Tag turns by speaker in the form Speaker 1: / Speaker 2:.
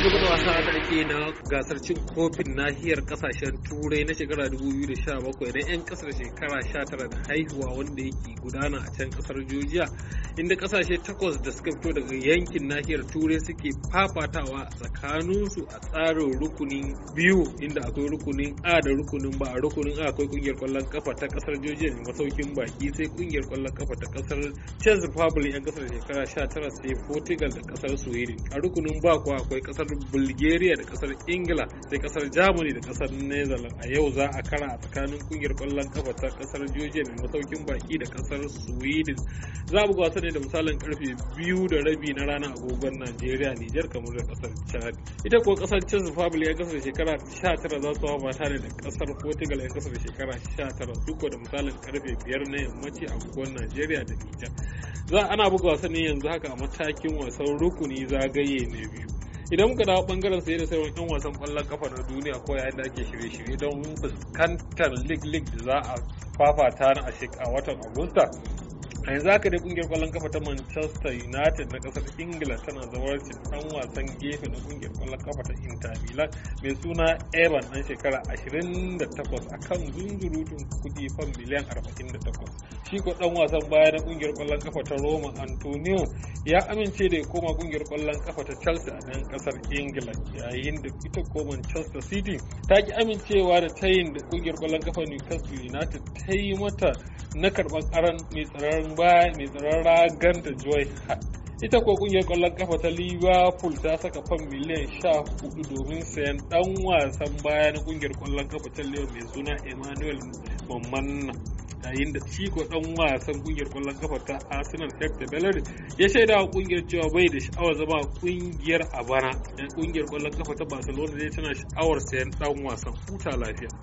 Speaker 1: gaba da wasa da ake na gasar cin kofin nahiyar kasashen turai na shekara 2017 na 'yan kasar shekara 19 da haihuwa wanda yake gudana a can kasar georgia inda kasashe takwas da suka fito daga yankin nahiyar turai suke fafatawa tsakaninsu a tsarin rukunin biyu inda akwai rukunin a da rukunin ba a rukunin a akwai kungiyar kwallon kafa ta kasar georgia ne masaukin baki sai kungiyar kwallon kafa ta kasar czech republic 'yan kasar shekara 19 sai portugal da kasar sweden a rukunin ba kuwa akwai kasar bulgaria da kasar ingila sai kasar germany da kasar netherlands a yau za a kara a tsakanin kungiyar kwallon kafa ta kasar georgia mai masaukin baki da kasar sweden za buga wasa ne da misalin karfe biyu da rabi na rana agogon nigeria nijar kamar da kasar chad ita kuwa kasar czech republic ya kasar shekara 19 za su hawa mata ne da kasar portugal ya kasar shekara 19 duk da misalin karfe biyar na yammaci agogon nigeria da nijar za ana buga wasanni ne yanzu haka a matakin wasan rukuni zagaye na biyu idan muka dawo bangaren sai da sauran yan wasan kwallon kafa na duniya ko yayin da ake shirye-shirye don fuskantar league league da za a fafata na a watan agusta a yanzu haka dai kungiyar kwallon kafa ta manchester united na kasar ingila tana zawarci dan wasan gefe na kungiyar kwallon kafa ta inter milan mai suna evan dan shekara 28 akan zunzurutun kudi fan miliyan 48 shi ko dan wasan baya na kungiyar kwallon kafa ta roma antonio ya amince da ya koma kungiyar kwallon kafa ta chelsea a nan kasar ingila yayin da ita ko manchester city ta ki amincewa da tayin da kungiyar kwallon kafa newcastle united ta yi mata na karɓar karan mai tsaron baya mai tsararra ragan da joy ita ko kungiyar kwallon kafa ta liverpool ta saka fam miliyan 14 domin sayan dan wasan baya na kungiyar kwallon kafa ta liyar mai suna emmanuel mamanna yayin da ciko dan wasan kungiyar kwallon kafa ta arsenal hector bellerin ya shaida wa kungiyar cewa bai da sha'awar zama kungiyar a bana da kungiyar kwallon kafa ta barcelona zai tana sha'awar sayan dan wasan huta lafiya